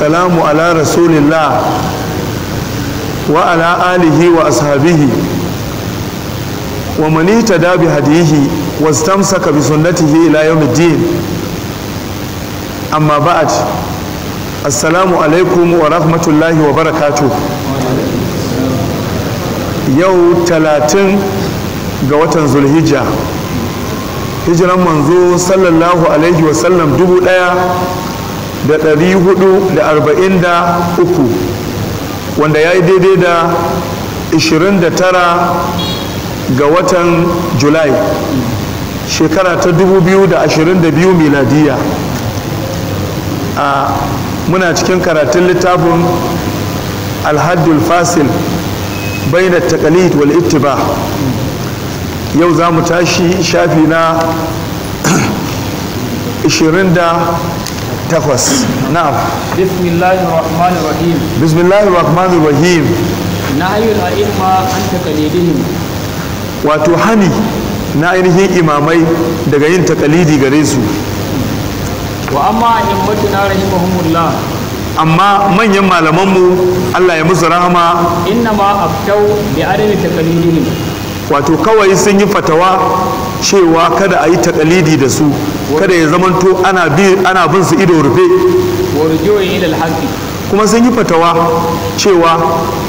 salamu ala rasulillah wa ala alihi wa ashabihi wa man ihtada bi hadihi wa istamsaka bi sunnatihi ila yawmiddin amma ba'd assalamu alaikum wa rahmatullahi wa barakatuh yau talatin ga watan zulhijja hijiran manzo sallallahu alaihi wasallam dubu ɗaya. da ɗari hudu da arba'in da uku wanda ya yi daidai da ishirin da tara ga watan julai shekara ta dubu biyu da da ashirin biyu miladiya a muna cikin karatun littafin alhaddul fasil baina taqalid wal ittiba yau za mu tashi shafi na ishirin da takwas na'am bismillahir rahmanir rahim bismillahir rahmanir rahim nahyul a'imma an taqalidihim wato hani na ainihin imamai daga yin takalidi gare su wa amma a'immatuna rahimahumullah amma manyan malamanmu Allah ya musu rahama inna ma aftau bi adami taqalidihim wato kawai sun yi fatawa cewa kada a yi takalidi da su kada ya zamanto ana bi ana bin su ido rufe kuma sun yi fatawa cewa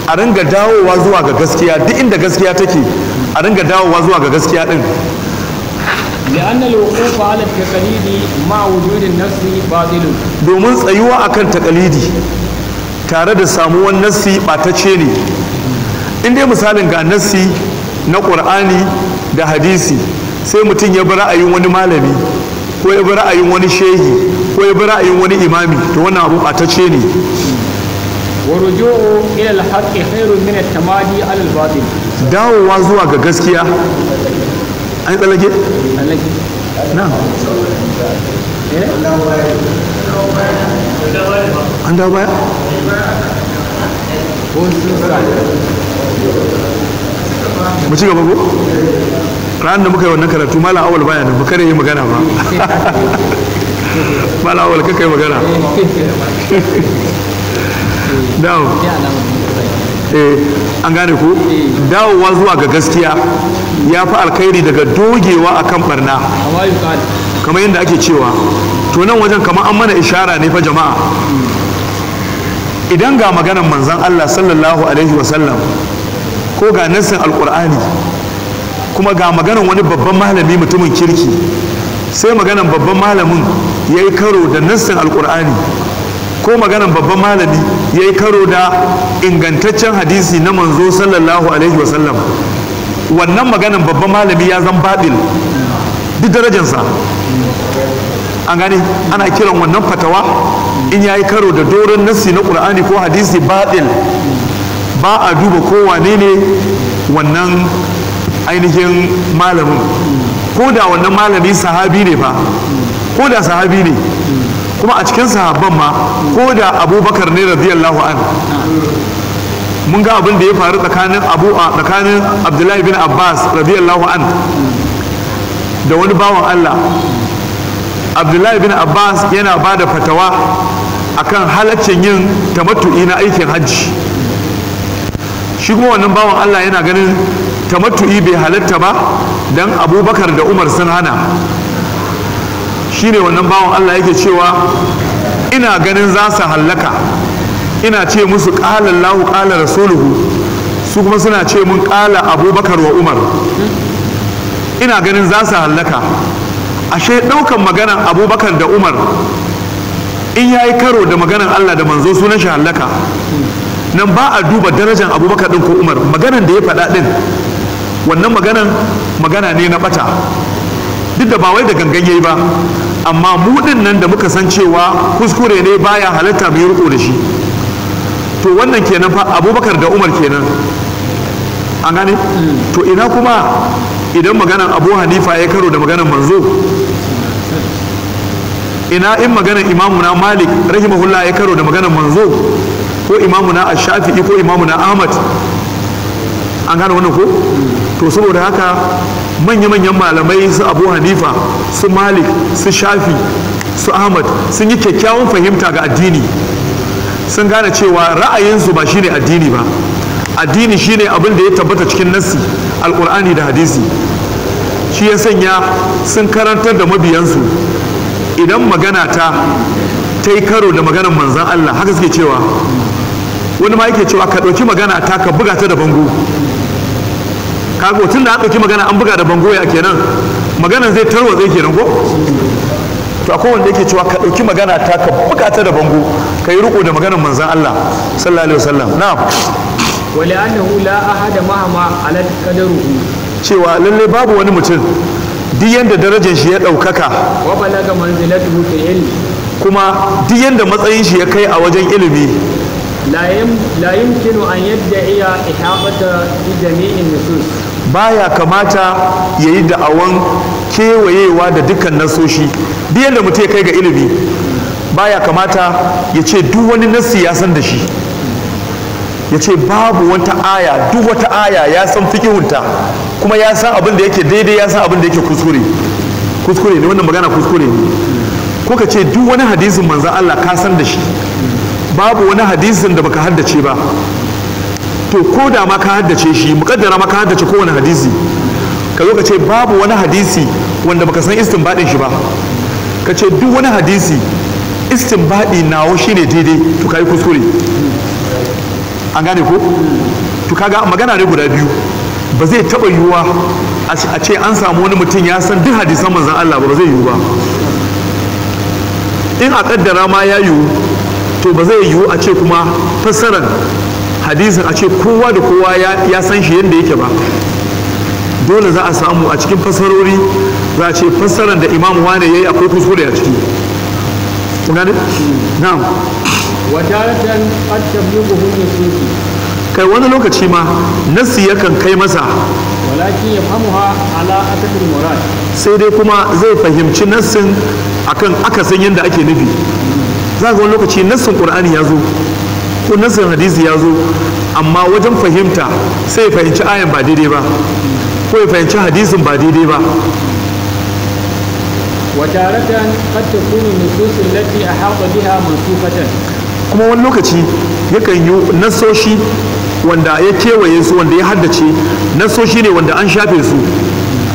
a ringa dawowa zuwa ga gaskiya duk inda gaskiya take a ringa dawowa zuwa ga gaskiya din domin tsayuwa a kan takalidi tare da samuwar nassi ɓatacce ne inda misalin ga nassi na ƙur'ani da hadisi sai mutum ya bi ra'ayin wani malami ko ya bi ra'ayin wani shehi ko ya bi ra'ayin wani imami to wannan abu ɓatacce ne warujuu dawowa zuwa ga gaskiya an tsallake eh? an dawo baya mu ci gaba ko ran da muka yi wannan karatu malam awal baya nan kare yi magana ba malam awal kaka yi magana dawo eh, an gane ku dawowa zuwa ga gaskiya ya fi alkhairi daga dogewa a kan barna kamar yadda ake cewa to nan wajen kamar an mana ishara ne fa jama'a idan ga maganan manzan Allah sallallahu alaihi wasallam ko ga nassin alkur'ani kuma ga maganan wani babban malami mutumin kirki sai maganan babban malamin ya yi karo da nassin alkur'ani ko maganan babban malami ya yi karo da ingantaccen hadisi na manzo sallallahu alaihi wasallam wannan maganan babban malami ya zan babil duk darajansa an gani ana kiran wannan fatawa in ya yi karo da doron nassi na kur'ani ko hadisi babil ba a duba ko wane ne wannan ainihin malamin ko da wannan malami sahabi ne fa ko da sahabi ne kuma a cikin sahabban ma ko da abubakar ne radiyallahu an mun ga abin da ya faru tsakanin abu a tsakanin abdullahi bin abbas radiyallahu an da wani bawan allah abdullahi bin abbas yana ba da fatawa akan halaccin yin tamattu'i na aikin hajji shi kuma wannan bawan allah yana ganin tamattu'i bai halatta ba dan abubakar da umar sun hana shine wannan bawan allah yake cewa ina ganin za su hallaka ina ce musu ƙalar lahu ƙalar rasuluhu su kuma suna ce mun ƙala abubakar wa umar ina ganin za su hallaka ashe ɗaukan maganan abubakar da umar in ya yi karo da maganan allah da manzo sunan shi hallaka nan ba a duba darajar abubakar ɗin ko umar maganan da ya faɗa ɗin wannan maganan magana ne na bata duk da ba wai da gangan yayi ba amma mu nan da muka san cewa kuskure ne baya halatta mu yi riko da shi to wannan kenan fa abubakar da umar kenan an gane to ina kuma idan maganan abu hanifa ya karo da maganan manzo ina in maganan imamuna malik rahimahullah ya karo da maganan manzo ko imamuna ash-shafi'i ko imamuna ahmad an gane wannan ko to saboda haka manya-manyan malamai su abu hanifa su malik su shafi su ahmad sun yi kyakkyawan fahimta ga addini sun gane cewa ra'ayinsu ba shine addini ba addini shine abin da ya tabbata cikin nasi, alkur'ani da hadisi shi ya sanya sun karantar da mabiyansu idan magana ta ta yi karo da maganar manzan Allah haka suke cewa wani ma yake cewa ka ɗauki magana ta ka buga ta da bango kago tun da an ɗauki magana an buga da bangoya kenan maganan zai zai kenan ko to akwai wanda yake cewa ka ɗauki magana ta ka bukata da bango ka yi riko da maganar manzan Allah sallallahu alaihi wasallam na'am wala annahu la ahada mahama ala qadaruhu cewa lalle babu wani mutum duk yanda darajar shi ya ɗaukaka wa balaga manzilatuhu fil ilm kuma duk yanda matsayin shi ya kai a wajen ilimi la yumkinu an yadda'iya ihaqata bi jami'in nusus baya kamata yayi da'awan kewayewa da dukkan nasoshi duk yadda mutum ya kai ga ilimi baya kamata ya ce duk wani nassi ya san da shi ya ce babu wata aya duk wata aya ya san fikihunta kuma ya san abin da yake daidai ya san abin da yake kuskure kuskure ne wannan magana kuskure ne ko ka ce duk wani hadisin manzan Allah ka san da shi babu wani hadisin da baka haddace ba to ko da ma ka haddace shi muƙaddara ma ka haddace kowane hadisi ka zo ka ce babu wani hadisi wanda baka san istinbadin shi ba ka ce duk wani hadisi istinbadi nawo shine daidai to kai kuskure an gane ko to kaga magana ne guda biyu ba zai taba yiwuwa a ce an samu wani mutum ya san duk hadisan manzon Allah ba ba zai yiwu ba in a ƙaddara ma ya yiwu to ba zai yiwu a ce kuma fassarar hadisin a ce kowa da kowa ya san shi yadda yake ba dole za a samu a cikin fassarori za a ce fassarar da imam wane ya yi akwai da ya ciki kai wani lokaci ma nassi yakan kai masa walakin ya famuha ala murad sai dai kuma zai fahimci nasin akan akasin yadda ake nufi za ga wani lokaci nassin qur'ani ya zo ko nassin hadisi ya zo amma wajen fahimta sai ya fahimci ayan ba daidai ba ko ya fahimci hadisin ba daidai ba وتارة قد تكون النصوص التي أحاط بها منسوخة kuma wani lokaci yakan yi nassoshi wanda ya kewaye su wanda ya haddace nasoshi ne wanda an shafe su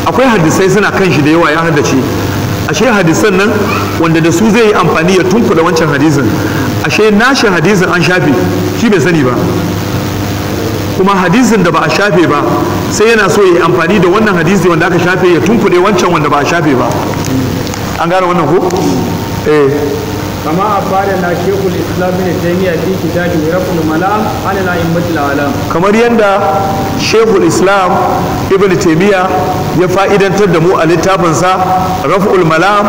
akwai hadisai suna kan shi da yawa ya haddace ashe hadisan nan wanda da su zai yi amfani ya tunkula wancan hadisin ashe nashi hadisin an shafe shi bai sani ba kuma hadisin da ba a shafe ba sai yana so ya yi amfani da wannan hadisi wanda aka shafe ya tunkule wancan wanda ba a shafe ba an gane wannan ko eh كما أفادنا الشيخ الإسلام ابن تيمية في كتابه رفع الملام عن الأئمة العالم كما يندى شيخ الإسلام ابن تيمية يفا إذا تدمو الاتابنسا رفع الملام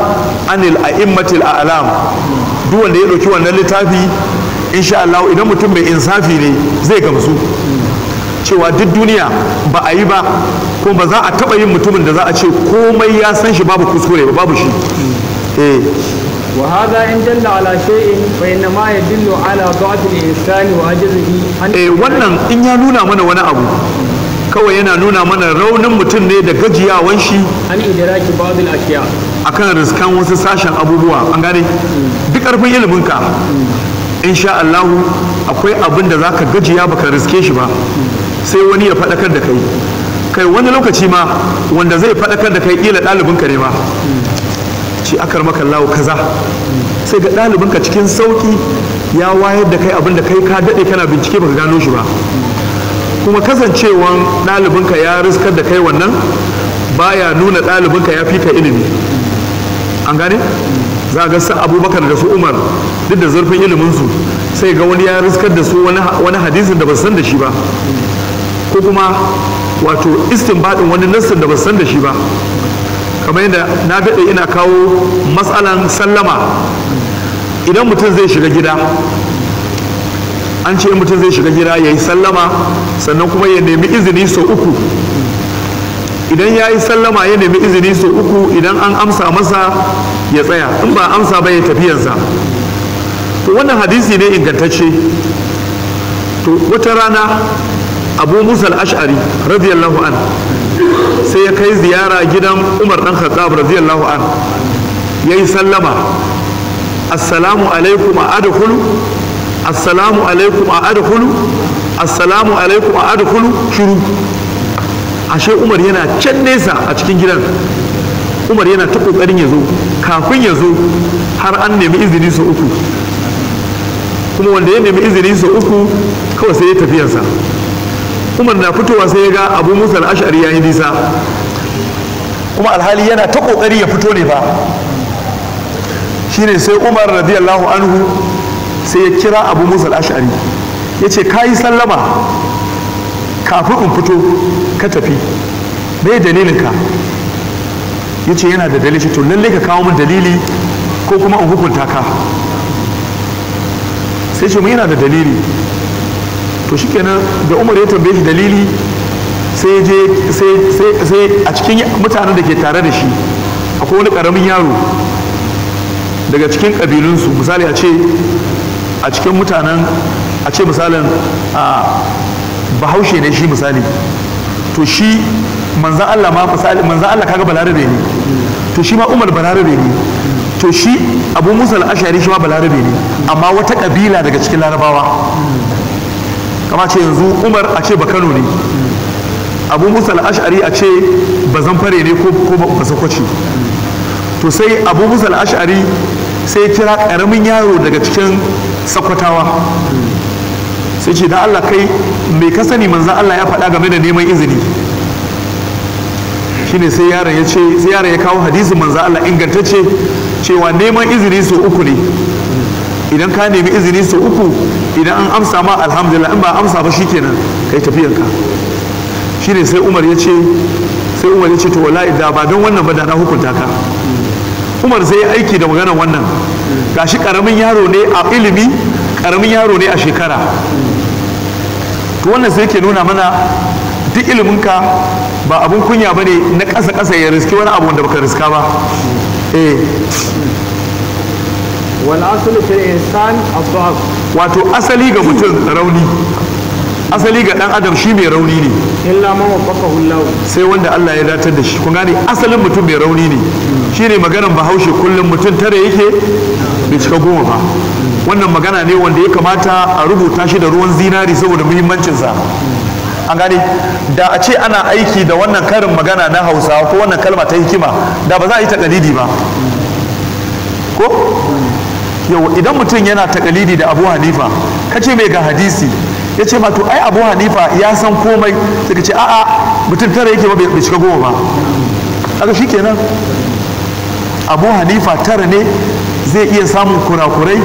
عن الأئمة الأعلام دون wanda ya ɗauki إن شاء الله إذا متم mutum لي زي كمسو cewa duk duniya ba a yi ba ko ba za a taba yin mutumin da za a ce komai ya san shi babu kuskure ba babu shi eh وهذا in دل على شيء فإنما يدل على ضعف الإنسان وعجزه عن إيه eh, wannan in ya nuna mana wani abu kawai yana nuna mana raunin mutum ne da gajiyawan shi an idraki ba'd ashiya akan riskan wasu sashen abubuwa an gane duk karfin ilimin ka insha Allah akwai abin da zaka gajiya baka riske shi ba sai wani ya fadakar da kai kai wani lokaci ma wanda zai faɗakar da kai ƙila ɗalibinka ne ba. ce akar maka lawo kaza sai ga ɗalibinka cikin sauki ya wayar da kai abin da kai ka daɗe kana bincike baka gano shi ba kuma kasancewan ɗalibinka ya riskar da kai wannan baya nuna ɗalibinka ya fika ilimi an gane za a ga su abubakar da su umar duk da zurfin iliminsu sai ga wani ya riskar da su wani hadisin da ba san da shi ba ko kuma wato istin baɗin wani nassin da ba san da shi ba kamar yadda na daɗe ina kawo matsalan sallama idan mutum zai shiga gida an ce mutum zai shiga gida ya yi sallama sannan kuma ya nemi izini sau uku idan ya yi sallama ya nemi izini sau uku idan an amsa masa ya tsaya in ba amsa ba ya tafiyansa to wannan hadisi ne ingantacce to wata rana abu musal ashari radiyallahu an. sai ya kai ziyara gidan umar dan khattab radiyallahu an yayi sallama assalamu alaikum a adkhulu assalamu alaikum a adkhulu assalamu alaikum a adkhulu shiru ashe umar yana can nesa a cikin gidan umar yana ta kokarin ya zo kafin ya zo har an nemi izini sau uku kuma wanda ya nemi izini sau uku kawai sai ya tafiyarsa umar na fitowa sai ya ga abu musa al'ashari ya yi nisa kuma alhali yana ta kokari ya fito ne ba shi ne sai umar radiyallahu anhu sai ya kira abu musa al'ashari ya ce ka yi sallama kafin in fito ka tafi me dalilinka ya ce yana da dalilin to lallai ka kawo min dalili ko kuma in hukunta ka sai ce mu yana da dalili to shikenan da umar ya tambaye shi dalili sai je sai a cikin mutanen da ke tare da shi akwai wani karamin yaro daga cikin kabilunsu misali a ce a cikin mutanen a ce misalin a bahaushe ne shi misali to shi manzan Allah ma misali manzan Allah kaga balarabe ne to shi ma Umar balarabe ne to shi Abu Musa al-Ashari shi ma balarabe ne amma wata kabila daga cikin Larabawa kama ce yanzu umar a ce bakano ne abu musa al'ashari a ce bazan fare ne ko ba to sai abu musa al'ashari sai kira karamin yaro daga cikin sakwatawa sai ce da allah kai mai ka sani manzan allah ya faɗa game da neman izini shine sai yaron ya ce sai yaron ya kawo hadisin manzan allah ingantacce cewa neman izini sau uku ne idan ka nemi izini sau uku idan an amsa ma alhamdulillah in ba amsa ba shikenan kai tafiyanka shine sai umar ya ce sai umar ya ce to wallahi da ba don wannan ba da na hukunta ka umar sai yi aiki da maganar wannan gashi karamin yaro ne a ilimi karamin yaro ne a shekara to wannan sai ke nuna mana duk iliminka ba abun kunya ne na kasa kasa ya riski wani abu wanda baka riska ba eh wal fil insan ad-da'f wato asali ga mutum rauni asali ga dan adam shi mai rauni ne illa ma wafaqahu Allah sai wanda Allah ya datar da shi kun gane asalin mutum mai rauni ne shine maganar bahaushe kullum mutum tare yake bai cika goma ba wannan magana ne wanda ya kamata a rubuta shi da ruwan zinari saboda muhimmancinsa an gane da a ce ana aiki da wannan karin magana na hausa ko wannan kalma ta hikima da ba za a yi takalidi ba ko yau idan mutum yana takalidi da abu hanifa kace mai ga hadisi ya ce ma ai abu hanifa ya san komai sai ce a'a mutum tara yake bai shiga goma ba aka shi kenan abu hanifa tara ne zai iya samun kurakurai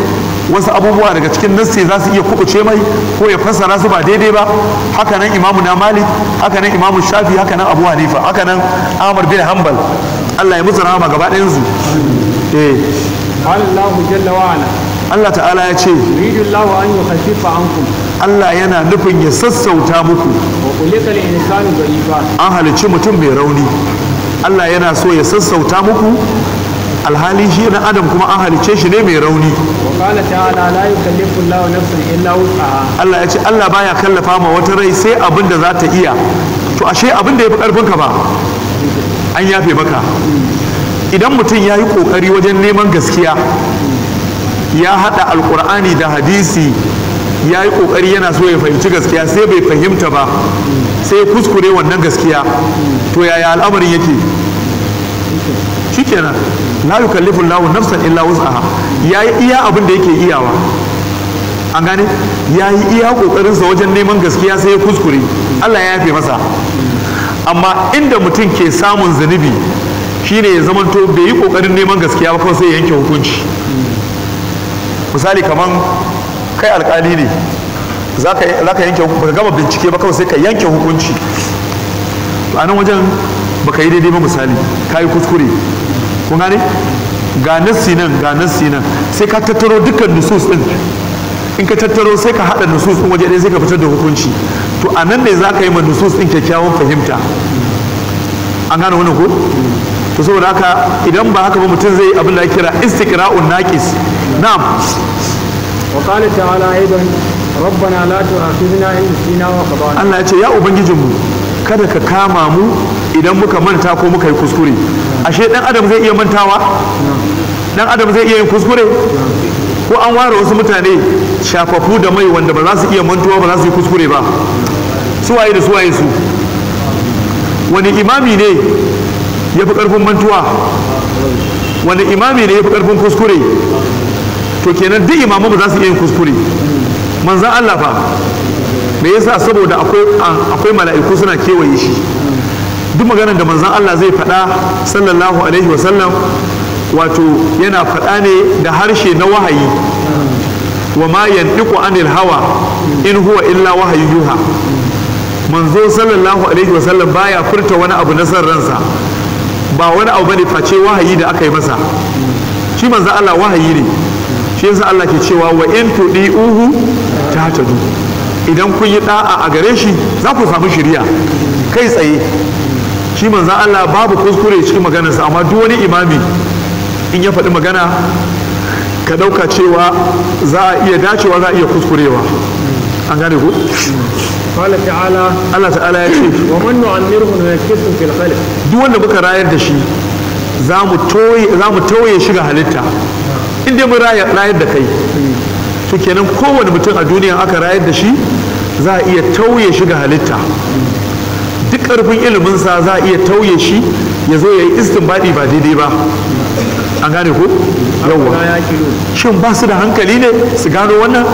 wasu abubuwa daga cikin nassi za su iya kubuce mai ko ya fassara su ba daidai ba hakanan imamu na malik hakanan imamu shafi hakanan abu hanifa hakanan amur bin hambal allah ya musu rama gaba ɗayan eh. Allahu jalla Allah ta'ala ya ce yuridullahu an yukhaffifa ankum Allah yana nufin ya sassauta muku wa kulikal insanu da'ifa an halicci mutum mai rauni Allah yana so ya sassauta muku alhali shi na adam kuma an halice shi ne mai rauni Allah ya ce Allah baya kallafa ma wata rai sai abin da za ta iya to ashe abin da ya fi karfinka ba an yafe maka idan mutum ya yi ƙoƙari wajen neman gaskiya ya haɗa alƙur'ani da hadisi ya yi ƙoƙari yana so ya fahimci gaskiya sai bai fahimta ba sai ya kuskure wannan gaskiya to yaya al'amarin yake shikenan la yukallifu Allahu nafsan illa wus'aha ya yi iya abin da yake iyawa an gane ya yi iya ƙoƙarinsa wajen neman gaskiya sai ya kuskure Allah ya yafe masa amma inda mutum ke samun zunubi shine ya zamanto bai yi kokarin neman gaskiya ba kawai sai ya yanke hukunci misali kaman kai alkali ne za ka yanke baka gama bincike ba kawai sai ka yanke hukunci a nan wajen baka yi daidai ba misali ka yi kuskure kun gane ga nassi nan ga nassi nan sai ka tattaro dukkan nusus din in ka tattaro sai ka haɗa nusus din waje ɗaya sai ka fitar da hukunci to a nan ne za ka yi ma nusus din kyakkyawan fahimta an gane wannan ko to saboda haka idan ba haka ba mutum zai abin da kira istiqra'un naqis na'am wa qala ta'ala aidan rabbana la Allah ya ce ya ubangijin mu kada ka kama mu idan muka manta ko muka yi kuskure ashe dan adam zai iya mantawa dan adam zai iya yin kuskure ko an ware wasu mutane shafafu da mai wanda ba za su iya mantuwa ba za su yi kuskure ba suwaye da suwaye su wani imami ne ya fi ƙarfin mantuwa wani imami ne ya fi ƙarfin kuskure to kenan duk imamu ba za su iya yin kuskure manzan Allah fa me yasa saboda akwai mala'iku suna kewaye shi duk maganar da manzan Allah zai faɗa sallallahu alaihi wa sallam wato yana faɗa ne da harshe na wahayi wa ma yandiku anil hawa in huwa illa wahayi yuha manzo sallallahu alaihi wa sallam baya furta wani abu na san ransa ba wani abu bane face wahayi da aka yi masa shi manzo Allah wahayi ne shi yasa Allah ke cewa wa in ta tahtadu idan kun yi da'a a gare shi za ku samu shiriya kai tsaye shi manzo Allah babu kuskure cikin maganarsa amma duk wani imami in ya faɗi magana ka ɗauka cewa za a iya dacewa za a iya kuskurewa an gane ku قال تعالى الله تعالى يقول ومن نعمره ننكسه في الخلق دو wanda muka rayar da shi za mu toye za toye shi ga halitta in dai mun rayar da kai to kenan kowane mutum a duniya aka rayar da shi za a iya tauye shi ga halitta duk ƙarfin iliminsa za a iya tauye shi ya zo ya yi istinbadi ba daidai ba an gane ko yawwa shin ba su da hankali ne su gano wannan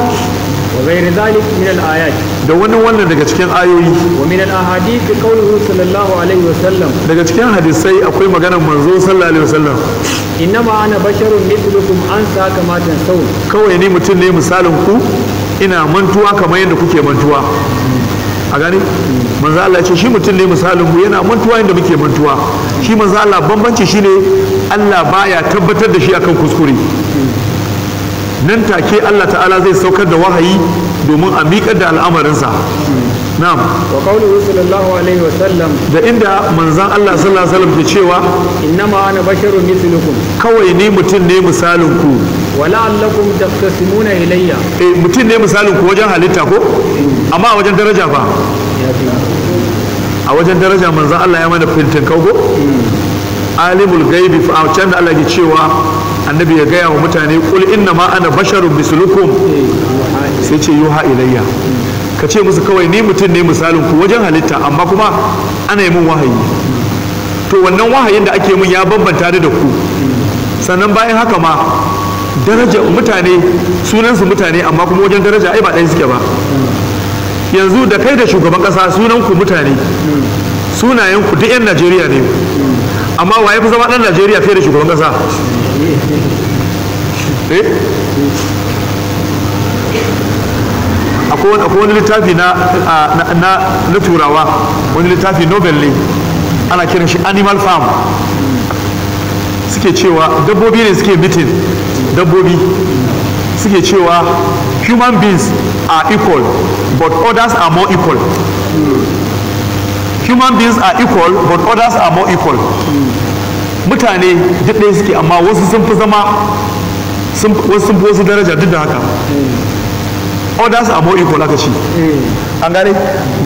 wa ghairu zalik min al ayat da wani wannan daga cikin ayoyi wa min al ahadith qawluhu sallallahu alaihi wa sallam daga cikin hadisai akwai maganar manzo sallallahu alaihi wa sallam innama ana basharun mithlukum ansa kama tansawun kawai ni mutum ne misalin ku ina mantuwa kamar yadda kuke mantuwa a gani manzo Allah ce shi mutum ne misalin mu yana mantuwa inda muke mantuwa shi manzo Allah bambanci shine Allah baya tabbatar da shi akan kuskure nan take Allah ta'ala zai saukar da wahayi domin a miƙar da al'amarinsa na'am wa qawluhu sallallahu alaihi wa sallam da inda manzon Allah sallallahu alaihi wa ke cewa innama ana basharun mithlukum kawai ni mutum ne misalin ku wala'allakum taqtasimuna ilayya eh mutum ne misalin ku wajen halitta ko amma a wajen daraja fa a wajen daraja manzon Allah ya mana fintin kago hmm. alimul gaibi fa can da Allah ke cewa annabi ya gaya wa mutane kul inna ma ana basharun mislukum sai ce yuha ilayya ka ce musu kawai ni mutum ne misalin ku wajen halitta amma kuma ana yi min wahayi to wannan wahayin da ake mun ya bambanta ni da ku sannan bayan haka ma daraja mutane sunansu mutane amma kuma wajen daraja ai ba ɗaya suke ba yanzu da kai da shugaban ƙasa sunan ku mutane sunayen ku duk 'yan najeriya ne amma waye fi zama ɗan najeriya fiye da shugaban ƙasa Eh? akwai wani littafi na na turawa wani littafi nobel ne ana kiran shi animal farm suke cewa dabbobi ne suke mitin dabbobi suke cewa human beings are equal but others are more equal human beings are equal but others are more equal mutane duk suke amma wasu sun fi zama wasu sun fi wasu daraja duk da haka others are more equal aka hmm. an gane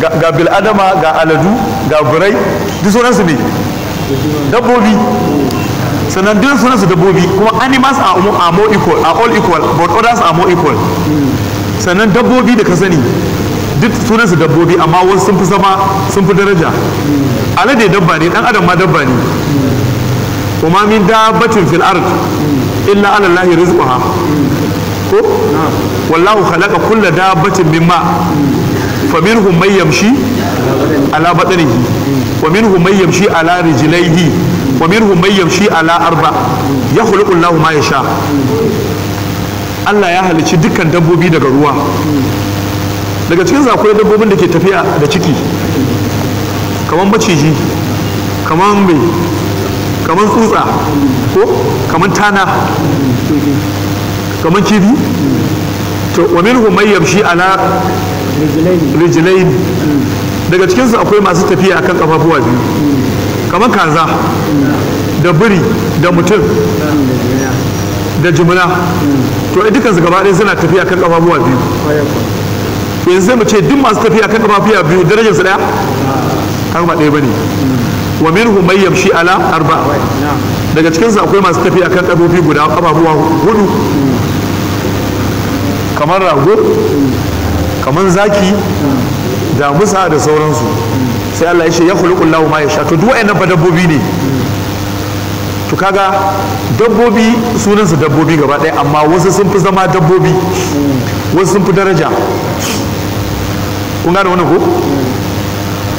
ga bil'adama ga aladu ga birai duk sunansu ne dabbobi sannan duk sunansu dabbobi kuma animals are more equal are all equal but others are more equal hmm. sannan dabbobi da ka sani duk sunansu dabbobi amma wasu sun fi zama sun fi daraja hmm. alade dabba ne dan adam ma dabba ne kuma min dabbatin fil ard illa ala allahi ko wallahu khalaqa kulla dabbatin mimma faminhum man yamshi ala batnihi wa minhum man yamshi ala rijlaihi wa minhum man yamshi ala arba yakhluqu ma Allah ya halici dukkan dabbobi daga ruwa daga cikin akwai dabbobin da ke tafiya da ciki kamar maciji kamar mai kamar tsutsa ko kamar tana kamar kifi to wa minhum man yamshi ala rijlayn daga cikinsu akwai masu tafiya akan kafafuwa biyu kamar kaza da biri da mutum da jimina to su gaba ɗaya suna tafiya kan kafafuwa biyu yanzu zai mu ce duk masu tafiya kan kafafuwa biyu su ɗaya kan ba ɗaya bane wa minhum may yamshi ala arba daga cikin cikinsu akwai masu tafiya kan kafofi guda ababuwa hudu kamar rago kamar zaki da musa da sauransu sai Allah ya ce ya khuluqu Allahu ma yasha to duk wayannan dabbobi ne to kaga dabbobi su dabbobi gaba ɗaya amma wasu sun fi zama dabbobi wasu sun fi daraja kun gane wannan ko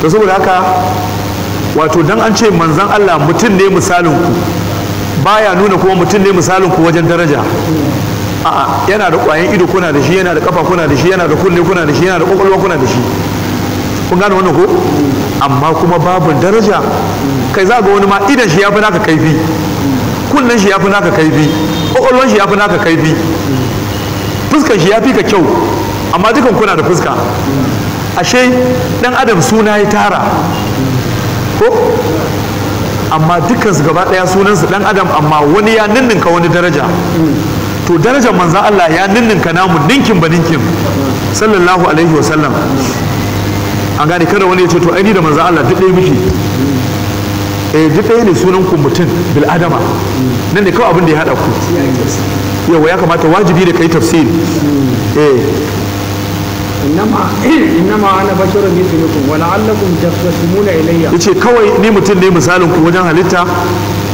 to saboda haka wato dan an ce manzan Allah mutum ne misalin ku baya nuna kuma mutum ne misalin ku wajen daraja a'a yana da ƙwayan ido kuna da shi yana da kafa kuna da shi yana da kunne kuna da shi yana da kwakwalwa kuna da shi kun gane wannan ko amma kuma babu daraja kai za ga wani ma idan shi ya fi naka kaifi kunnen shi ya fi naka kaifi kwakwalwan shi ya fi naka kaifi fuskan shi ya fi ka kyau amma dukan kuna da fuska ashe dan adam suna ya tara ko amma su gaba sunan su dan adam amma wani ya ninninka wani daraja to darajar manzo Allah ya ninninka namu ninkin ba ninkin sallallahu alaihi wasallam an gane kada wani ya ce to aini da manzo Allah duk ɗaya miki eh duk ɗaya ne sunan ku mutum bil adama nan ne kawai abin da ya haɗa ku yawa ya kamata wajibi da kai tafsiri eh innama innama ana basharun mithlukum wa la'allakum tastasimuna ilayya yace kawai ni mutum ne misalin ku wajen halitta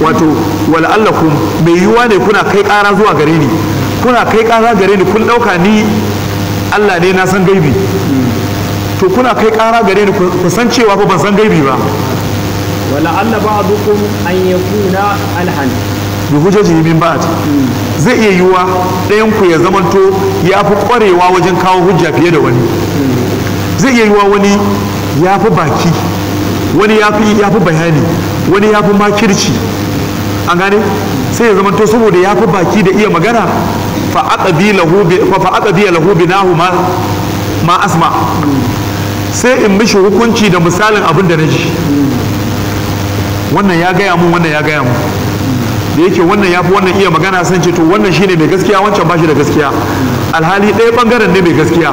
wato wal'allakum mai yiwuwa ne kuna kai ƙara zuwa gare ni kuna kai ƙara gare ni kun ɗauka ni Allah ne na san gaibi to kuna kai ƙara gare ni ku san cewa ba ban san gaibi ba wala'alla ba'dukum an yakuna alhan bi hujjoji min ba'd zai iya wa ɗayan ku ya zamanto ya fi ƙwarewa wajen kawo hujja fiye da wani zai iya wa wani ya fi baki wani ya fi bayani wani ya fi makirci an gane sai ya zamanto saboda ya fi baki da iya magana fa aka biya na hu ma asma sai in mishi hukunci da misalin abin da na ji wannan ya gaya mun wannan ya gaya mun da yake wannan ya fi wannan iya magana san ce to wannan shine mai gaskiya wancan ba shi da gaskiya alhali ɗaya ɓangaren ne mai gaskiya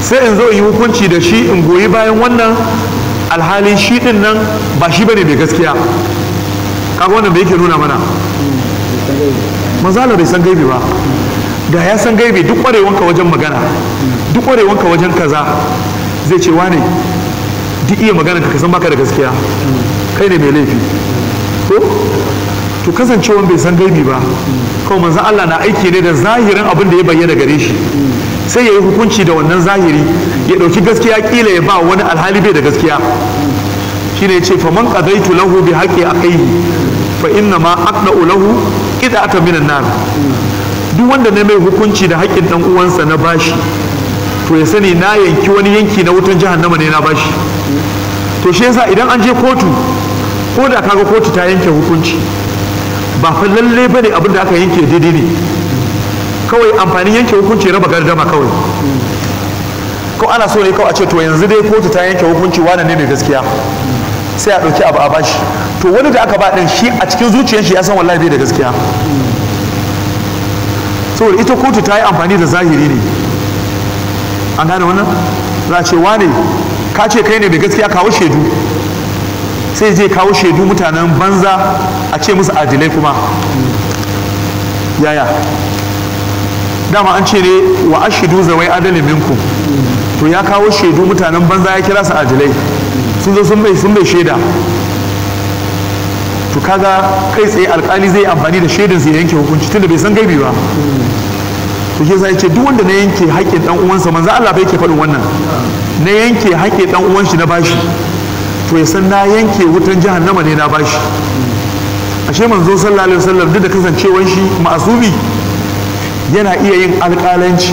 sai in zo in yi hukunci da shi in goyi bayan wannan alhali shi ɗin nan ba shi bane mai gaskiya kaga wannan da yake nuna mana manzala bai san gaibi ba da ya san gaibi duk ƙwarewanka wajen magana duk ƙwarewanka wajen kaza zai ce wane duk iya magana ka san baka da gaskiya kai ne mai laifi ko to wanda bai san gaibi ba kawai manzan Allah na aiki ne da zahirin abin da ya bayyana gare shi sai ya yi hukunci da wannan zahiri ya ɗauki gaskiya kila ya ba wani alhali bai da gaskiya shine ya ce faman qadaitu lahu bi haqqi aqihi fa inna ma aqna'u lahu idza ata minan nar duk wanda na mai hukunci da haƙƙin dan uwansa na bashi to ya sani na yanki wani yanki na wutan jahannama ne na bashi to shi yasa idan an je kotu ko da kaga kotu ta yanke hukunci ba fa lalle ne abin da aka yanke daidai ne kawai amfanin yanke hukunci raba gardama kawai ko ana so ne kawai a ce to yanzu dai kotu ta yanke hukunci wane ne mai gaskiya sai a ɗauki abu a bashi to wani da aka ba ɗin shi a cikin zuciyar shi ya san wallahi bai da gaskiya saboda ita kotu ta yi amfani da zahiri ne an gane wannan za a ce wane ka ce kai ne mai gaskiya kawo shaidu sai je kawo shaidu mutanen banza a ce musu adilai kuma yaya dama an ce ne wa ashidu zawai adalin minku to ya kawo shaidu mutanen banza ya kira su adilai sun zo sun bai shaida to kaga kai tsaye alkali zai amfani da shaidan su yanke hukunci tunda bai san gaibi ba to ke sai ce duk wanda na yanke haƙƙin dan uwansa manzo Allah bai ke faɗin wannan na yanke haƙƙin dan uwan na bashi to ya san na yanke wutan jahannama ne na bashi ashe manzo sallallahu alaihi wasallam duk da kasancewar shi ma'asubi yana iya yin alƙalanci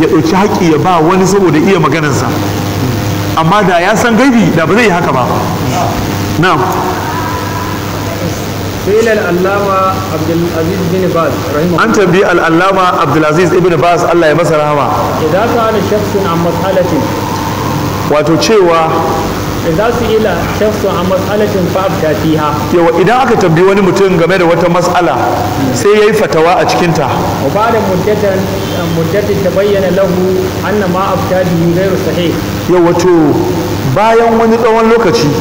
ya ɗauki haƙƙi ya ba wani saboda iya maganarsa amma da ya san gaibi da ba zai yi haka ba na'am an tambi al'allama abdulaziz ibn baz Allah ya masa rahama idan ka ana shakkin an mas'alatin wato cewa za su ila shafsu a matsalacin fa'abta fiha yawa idan aka tambi wani mutum game da wata matsala sai ya yi fatawa a cikin ta wa ba'da muddatan muddatin tabayyana lahu anna ma abtadi ghairu sahih yawa to bayan wani tsawon lokaci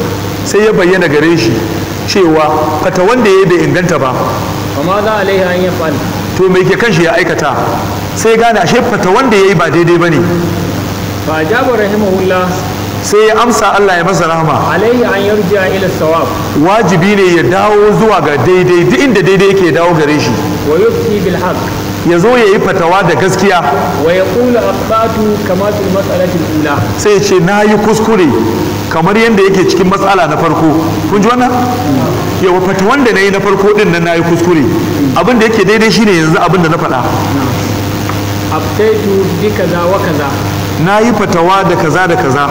sai ya bayyana gare shi cewa fatawan da yi bai inganta ba amma za a laiha an fal to mai ke kanshi ya aikata sai gane ashe fatawan da ya yi ba daidai ba ne. ba fa rahima rahimahullah sai ya amsa Allah ya masa rahama Alayya an yarja ila sawab wajibi ne ya dawo zuwa ga daidai duk inda daidai yake dawo gare shi wa yufti bil haqq ya zo ya yi fatawa da gaskiya wa ya kula aqbatu kama fil mas'alati ula sai ya ce na yi kuskure kamar yadda yake cikin matsala na farko kun ji wannan yawa fatawan da na yi na farko din nan na yi kuskure abin da yake daidai shine yanzu abin da na faɗa abtaitu bi kaza wa kaza na yi fatawa da kaza da kaza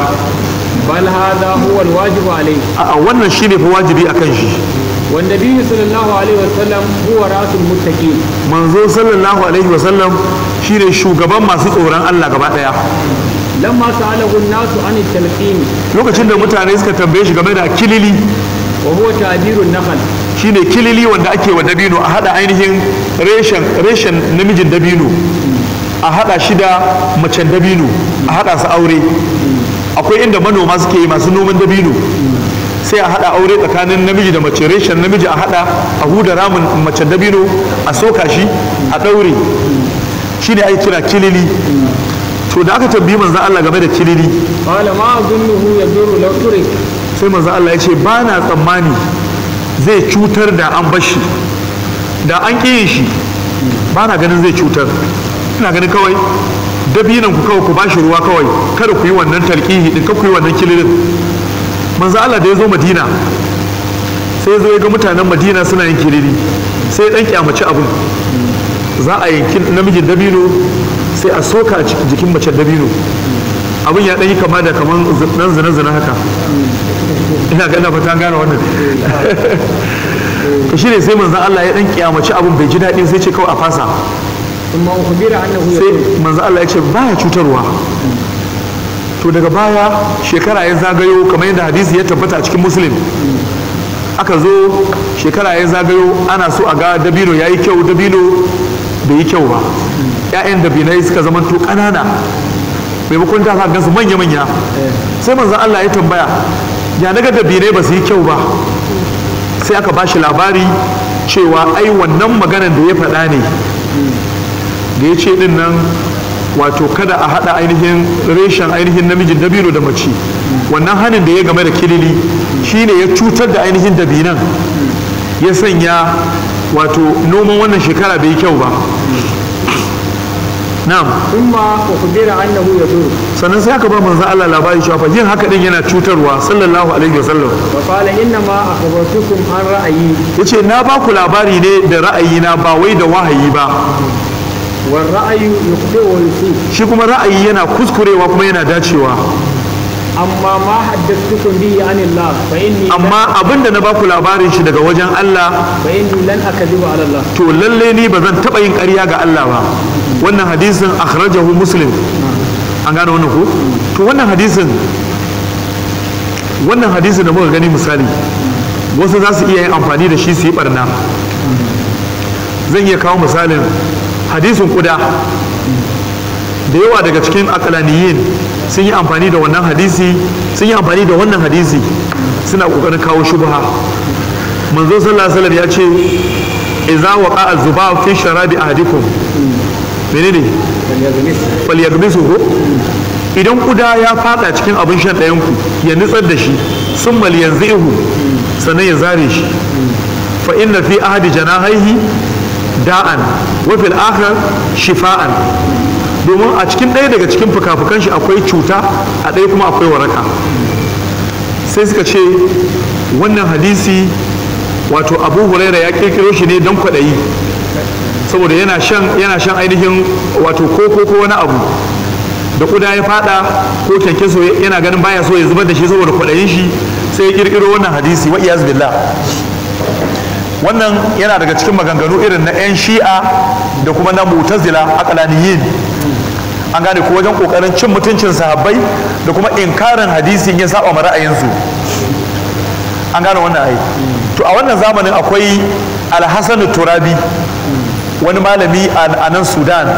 bal hadha huwa alwajib alayhi a wannan shine fa wajibi akan shi wanda bi sallallahu alaihi wasallam huwa rasul muttaqin manzo sallallahu alaihi wasallam shine shugaban masu tsoron Allah gaba daya lamma sa'alahu an-nasu an talqin lokacin da mutane suka tambaye shi game da kilili wa huwa ta'dirun nakhl shine kilili wanda ake wa dabino a hada ainihin reshen reshen namijin dabino a hada shi da macen dabino a hada su aure akwai inda manoma suke yi masu noman dabino sai a hada aure tsakanin namiji da mace reshen namiji a hada a huda ramin mace dabino a soka shi a daure shi ne ake kira kilili to da aka tambayi manzo Allah game da kilili ma sai manzo Allah ya ce ba na tsammani zai cutar da an bashi da an kiyin shi ba na ganin zai cutar ina ganin kawai dabinan ku kawai ku bashi ruwa kawai kada ku yi wannan talqihi din ku yi wannan kilirin manzo Allah da ya zo Madina sai zo ya ga mutanen Madina suna yin kiliri sai dan kyamaci abin za a yanki namijin dabino sai a soka a jikin mace dabino abin ya yi kama da kaman nan zina-zina haka ina ga ina fata gane wannan to shine sai manzo Allah ya dan kyamaci abin bai ji dadin sai ce kawai a fasa sai manzo Allah ya ce ba ya cutarwa to daga baya shekara ya zagayo kamar yadda hadisi ya tabbata a cikin muslim aka zo shekara ya zagayo ana so a ga dabino ya yi kyau dabino bai yi kyau ba ‘ya'yan dabinai suka zama to ƙanana maimakon da gansu manya-manya sai manzan Allah ya tambaya ya daga dabinai ba su yi kyau ba sai aka ba shi labari cewa ai wannan maganan da ya faɗa ne da ya ce din nan wato kada a hada ainihin reshen ainihin namijin dabino da mace wannan hannun da ya game da kilili shine ya cutar da ainihin dabinan ya sanya wato noman wannan shekara bai kyau ba na'am kuma wa kubira annahu zo. sannan sai aka ba manzon Allah labari cewa yin haka din yana cutarwa sallallahu alaihi wasallam wa qala inna ma akhbartukum an ra'ayi yace na ba ku labari ne da ra'ayi na ba wai da wahayi ba war ra'ayu yuqdi wa yusi shi kuma ra'ayi yana kuskurewa kuma yana dacewa amma ma haddathukum bihi anillah fa inni amma abinda na baku labarin shi daga wajen Allah fa inni lan akadiba ala Allah to lalle ni ba zan taba yin karya ga Allah ba wannan hadisin akhrajahu muslim hmm. an gane wani ku. to wannan hadisin wannan hadisin da muka gani misali wasu za su iya yin amfani da shi su yi barna hmm. zan iya kawo misalin hadisin kuda da yawa daga cikin akalaniyin sun yi amfani da wannan hadisi sun yi amfani da wannan hadisi suna kokarin kawo shubha manzo sallallahu alaihi ya ce idza waqa azuba fi sharabi ahadikum menene falyagmisu ko idan kuda ya fada cikin abin shan ɗayan ku ya nitsar da shi sun mal yanzu ihu sannan ya zare shi fa inna fi ahadi janahihi da'an wafil akhar shifa'an domin a cikin ɗaya daga cikin fuka-fukan shi akwai cuta a ɗaya kuma akwai waraka sai suka ce wannan hadisi wato abu huraira ya kirkiro shi ne don kwaɗayi saboda yana shan yana shan ainihin wato koko ko wani abu da kuda ya fada ko so yana ganin baya so ya zubar da shi saboda kwaɗayin shi sai ya kirkiro wannan hadisi wa iyaz billah wannan yana daga cikin maganganu irin na 'yan shi'a da kuma na mutazila akalaniyin an gane ko wajen kokarin cin mutuncin sahabbai da kuma inkarin hadisin ya saba mara ra'ayinsu an gane wannan ai to a wannan zamanin akwai alhassan turabi wani malami a nan sudan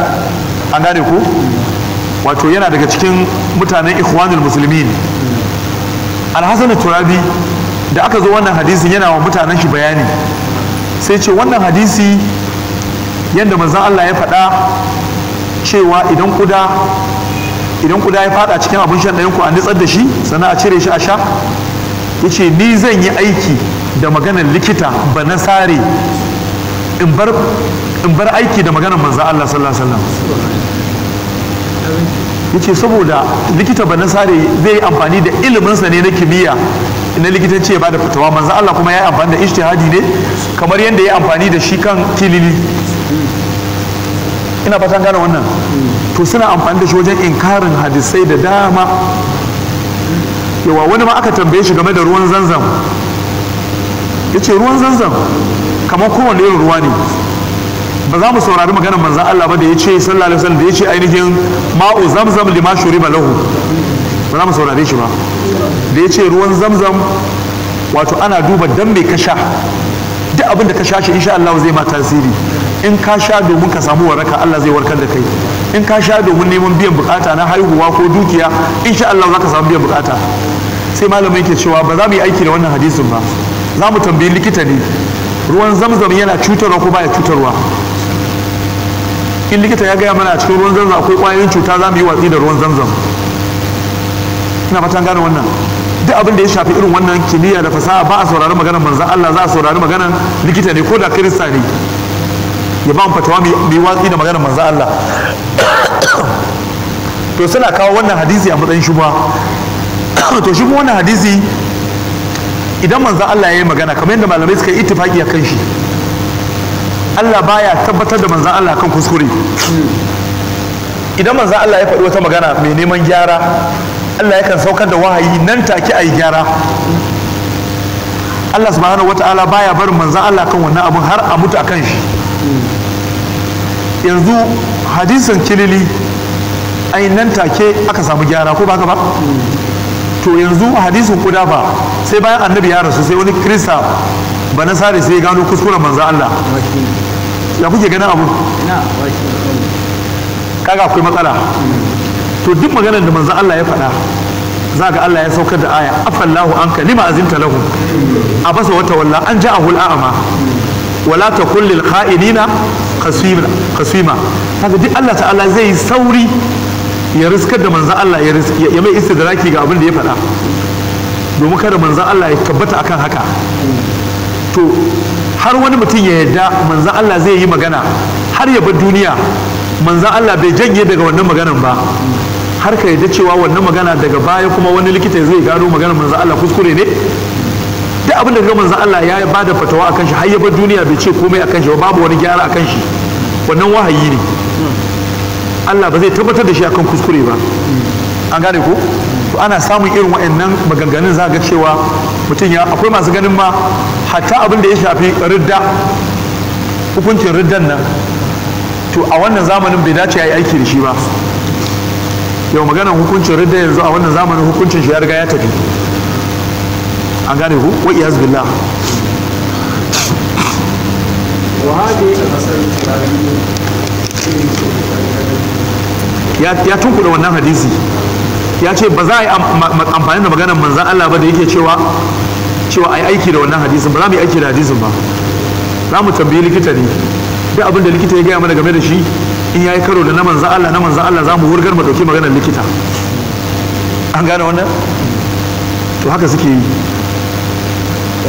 an gane ko wato yana daga cikin mutanen ikhwanul musulmin alhassan turabi da aka zo wannan hadisin yana wa mutanen shi bayani sai ce wannan hadisi yadda manzon Allah ya faɗa cewa idan kuda idan kuda ya faɗa cikin abin shan ɗayan ku a nitsar da shi sannan a cire shi a sha ce ni zan yi aiki da maganar likita ba na sare in bar aiki da maganar manzon Allah sallallahu alaihi wasallam ce saboda likita ba na sare zai yi amfani da iliminsa ne na kimiyya na likitanci ya bada fitawa manzo Allah kuma ya yi amfani da ijtihadi ne kamar yadda ya amfani da shi kan kilili ina fatan gane wannan to suna amfani da shi wajen inkarin hadisai da dama yawa wani ma aka tambaye shi game da ruwan zanzam ya ce ruwan zanzam kamar kowane irin ruwa ne ba za mu saurari maganar manzan Allah ba da ya ce sallallahu alaihi wasallam da ya ce ainihin ma'u zamzam lima shuriba lahu ba za mu saurare shi ba da ya ce ruwan zamzam wato ana duba dan mai ka sha duk abin da ka sha shi insha Allah zai ma tasiri in ka sha domin ka samu waraka Allah zai warkar da kai in ka sha domin neman biyan bukata na haihuwa ko dukiya insha Allah za ka samu biyan bukata sai malamai ke cewa ba za mu yi aiki da wannan hadisin ba za mu tambayi likita ne ruwan zamzam yana cutarwa ko baya cutarwa in likita ya gaya mana a cikin ruwan zamzam akwai kwayoyin cuta za mu yi watsi da ruwan zamzam kina fatan gane wannan duk abin da ya shafi irin wannan kimiyya da fasaha ba a saurari maganar manzan Allah za a saurari maganar likita ne ko da kirista ne ya ba mu fatawa mai watsi da maganar manzan Allah to suna kawo wannan hadisi a matsayin shubha to shi wannan hadisi idan manzan Allah ya yi magana kamar yadda malamai suka yi ittifaki a kan shi Allah baya tabbatar da manzan Allah kan kuskure idan manzan Allah ya faɗi wata magana mai neman gyara Allah yakan saukar da wahayi nan take a yi gyara Allah subhanahu wata'ala baya barin manzan Allah kan wannan abin har a mutu a kan shi yanzu hadisin kilili ai nan take aka samu gyara ko ba ba to yanzu hadisin kuda ba sai bayan annabi ya rasu sai wani krista ba na sare sai ya gano kuskuren manzan Allah ya kuke ganin abu kaga akwai matsala to duk maganar da manzo Allah ya faɗa za ga Allah ya saukar da aya afallahu anka lima azinta a abasa wata walla an ja a al'ama wala ta lil kha'inina kasima haka duk Allah ta'ala zai yi sauri ya riskar da manzo Allah ya ya mai istidraki ga abin da ya faɗa domin kada manzo Allah ya tabbata akan haka to har wani mutum ya yarda manzo Allah zai yi magana har ya bar duniya manzo Allah bai janye daga wannan maganan ba har ka yadda cewa wannan magana daga baya kuma wani likita zai gano magana manzan Allah kuskure ne duk abin da ga manzan Allah ya ba da fatawa akan shi har ya bar duniya bai ce komai akan shi babu wani gyara akan shi wannan wahayi ne Allah ba zai tabbatar da shi akan kuskure ba an gane ko to ana samun irin wa'annan maganganun za ga cewa mutum ya akwai masu ganin ma hatta abin da ya shafi ridda hukuncin riddan nan to a wannan zamanin bai dace ya yi aiki da shi ba yau maganan hukuncin ridda yanzu a wannan zamanin hukuncin shi ya riga ya tafi an gane ku wa iyaz billah ya tunkuda wannan hadisi ya ce ba za a yi amfani da maganar manzan Allah ba da yake cewa cewa a yi aiki da wannan hadisin ba za mu yi aiki da hadisin ba za mu tambayi likita ne duk abin da likita ya gaya mana game da shi in ya yi karo da na za Allah na za Allah za mu wurgar mu maganar likita an gane wannan to haka suke yi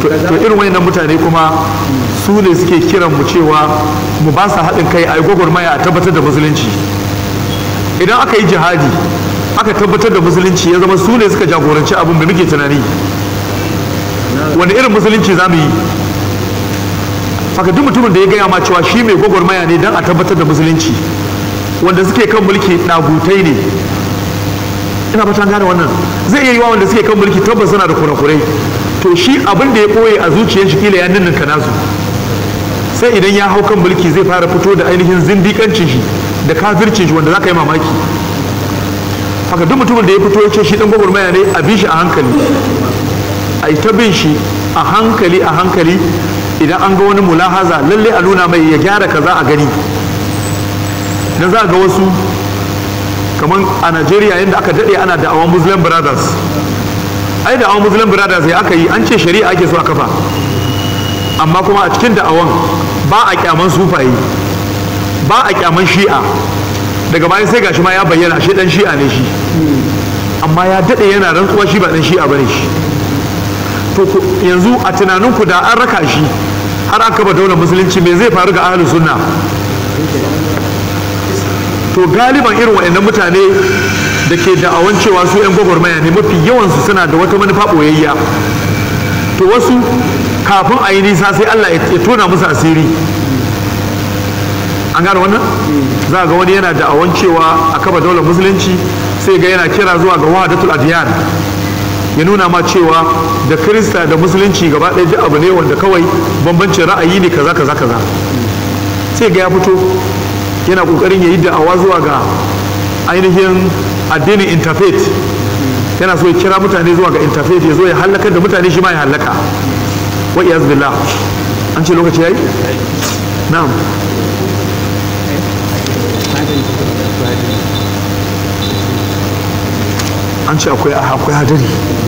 to irin wayannan mutane kuma su ne suke kiran mu cewa mu ba su haɗin kai a yi gwagwarmaya a tabbatar da musulunci idan aka yi jihadi aka tabbatar da musulunci ya zama su ne suka jagoranci abin da muke tunani wani irin musulunci za mu yi haka duk mutumin da ya gaya ma cewa shi mai gwagwarmaya ne don a tabbatar da musulunci wanda suke kan mulki ɗagutai ne ina ba gane wannan zai iya yi wa wanda suke kan mulki tabbas suna da kurakurai to shi abin da ya ɓoye a zuciyar shi kila ya ninninka nasu sai idan ya hau kan mulki zai fara fito da ainihin zindikancin shi da kafircin shi wanda za ka yi mamaki haka duk mutumin da ya fito ya ce shi dan gwagwarmaya ne a bi shi a hankali a ita bin shi a hankali a hankali idan an ga wani mulahaza lalle a nuna mai ya gyara kaza a gani dan za ga wasu kamar a Najeriya yadda aka dade ana da awon Muslim Brothers ai da awon Muslim Brothers ya aka yi an ce shari'a ake so a kafa amma kuma a cikin da'awan ba a kyaman sufaye ba a kyaman shi'a daga bayan sai gashi ma ya bayyana shi dan shi'a ne shi amma ya dade yana rantsuwa shi ba dan shi'a bane shi yanzu a tunaninku da an raka shi har an kaba daular musulunci me zai faru ga ahalin sunna to galiban irin waɗannan mutane da ke da'awan cewa su 'yan gwagwarmaya ne mafi yawansu suna da wata manufa ɓoyayya to wasu kafin a yi nisa sai allah ya tona musu asiri an gane wannan za ga wani yana da'awan cewa a kaba daular musulunci sai ga yana kira zuwa ga wahadatul adiyan ya nuna ma cewa da kirista da musulunci gaba ɗaya duk abu ne wanda kawai bambancin ra'ayi ne kaza kaza kaza sai ga ya fito yana kokarin ya yi da'awa zuwa ga ainihin addinin interfaith yana so ya kira mutane zuwa ga interfaith ya zo ya halakar da mutane shi ma ya hallaka wa iyaz billah an ce lokaci yayi na'am an ce akwai akwai hadari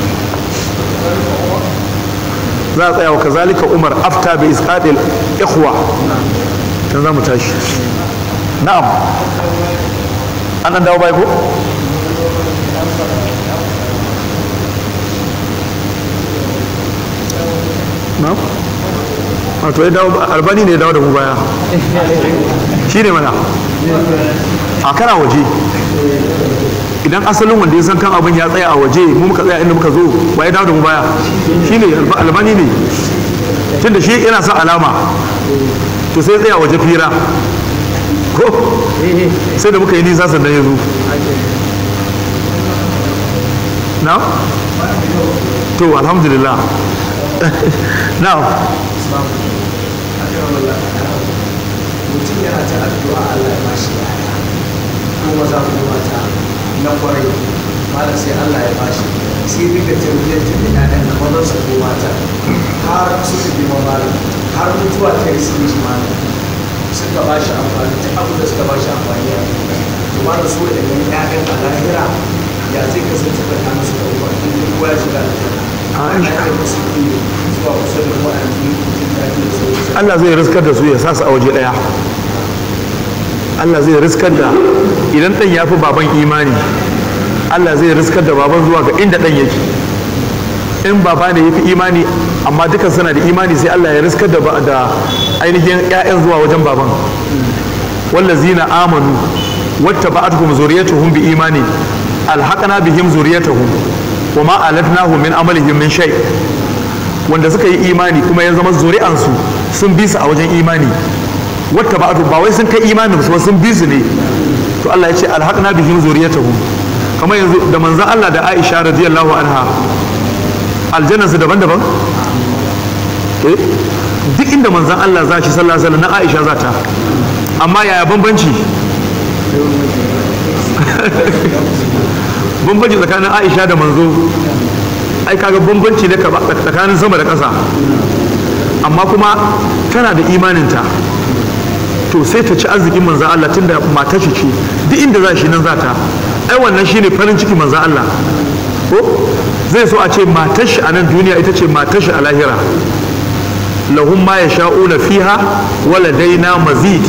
za a tsaya wa kazalika umar afta bi isqatil ikhwa dan zamu tashi na'am an dan dawo bai ko na'am a to ya dawo albani ne ya dawo da mu baya shi ne mana a kana waje idan asalin wanda ya san kan abin ya tsaya a waje mu muka tsaya inda muka zo ba ya dawo da mu baya shine albani ne tunda shi yana son alama to sai tsaya waje fira ko sai da muka yi nisa sannan ya zo na to alhamdulillah na mutum yana ta addu'a Allah ya bashi yaya ko maza ko mata na kwarai ba sai Allah ya bashi sai duka tarbiyyar ta da ɗaɗan da mazan su ko mata har su su bi mamari har mutuwa ta yi sun ji malam suka ba shi amfani ta abu da suka ba shi amfani a su ba da su da ganin ɗaɗan a lahira ya zai kasance ba ta musu da uwa in duk ya shiga Allah zai riskar da su ya sa su a waje ɗaya. Allah zai riskar da idan ɗan ya fi baban imani Allah zai riskar da baban zuwa ga inda ɗan yake in baba ne ya fi imani amma dukan suna da imani sai Allah ya riskar da ainihin 'ya'yan zuwa wajen baban zina amanu wata ba'atuhum zuriyatuhum bi imani alhakana bihim zuriyatuhum kuma ma alatnahu min amalihim min shay wanda suka yi imani kuma ya zama zuri'ansu sun bi su a wajen imani wata ba ba wai sun kai imanin su sun bi su ne to Allah ya ce alhaqna bihim zuriyatuhum kamar yanzu da manzon Allah da Aisha radiyallahu anha aljanna su daban-daban eh duk inda manzon Allah za shi sallallahu alaihi na Aisha za ta amma yaya bambanci bambanci tsakanin Aisha da manzo ai kaga bambanci ne tsakanin sama da ƙasa amma kuma tana da imaninta to sai ta ci arzikin manza Allah tunda matar shi ce duk inda za shi nan za ta ai wannan shine farin ciki manza Allah ko zai so a ce matar shi a nan duniya ita ce matar shi a lahira lahum ma la fiha wa ladaina mazid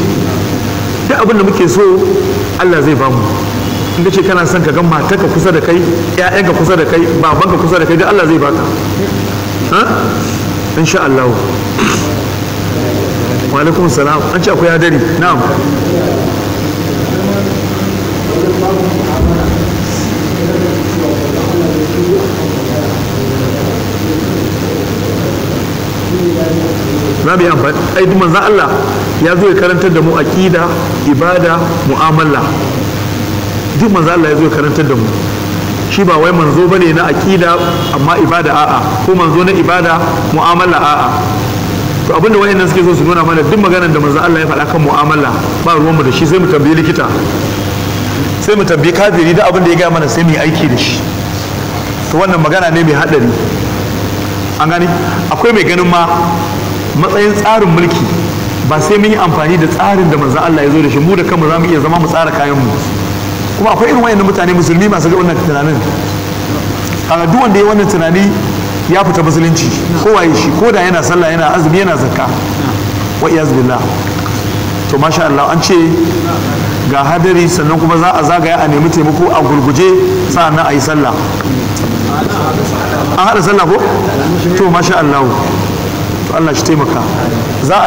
duk abin da muke so Allah zai bamu in ka ce kana son ka ga matarka kusa da kai ƴaƴanka kusa da kai babanka kusa da kai duk Allah zai baka ha insha Allah wa alaikum salam an ce akwai hadari na'am za mu yi amfani ai manzan Allah ya zo ya karantar da mu aƙida ibada mu'amala duk manzan Allah ya zo ya karantar da mu shi ba wai manzo bane na aƙida amma ibada a'a ko manzo na ibada mu'amala a'a to abinda wayannan suke so su nuna mana duk maganar da manzo Allah ya faɗa kan mu'amala ba ruwan mu da shi sai mu tambayi likita sai mu tambayi kafiri da abin da ya ga mana sai mu yi aiki da shi to wannan magana ne mai haɗari an gani akwai mai ganin ma matsayin tsarin mulki ba sai mun yi amfani da tsarin da manzo Allah ya zo da shi mu da kanmu za mu iya zama mu tsara kayan mu kuma akwai irin wayannan mutane musulmi masu ga wannan tunanin a duk wanda ya wannan tunani ya fita musulunci kowaye shi ko da yana sallah yana azumi yana zakka wa iyazbillah to masha Allah an ce ga hadari sannan kuma za a zagaya a nemi taimako a gurguje sa'annan a yi sallah an haɗa sallah ko to masha Allah to Allah shi taimaka za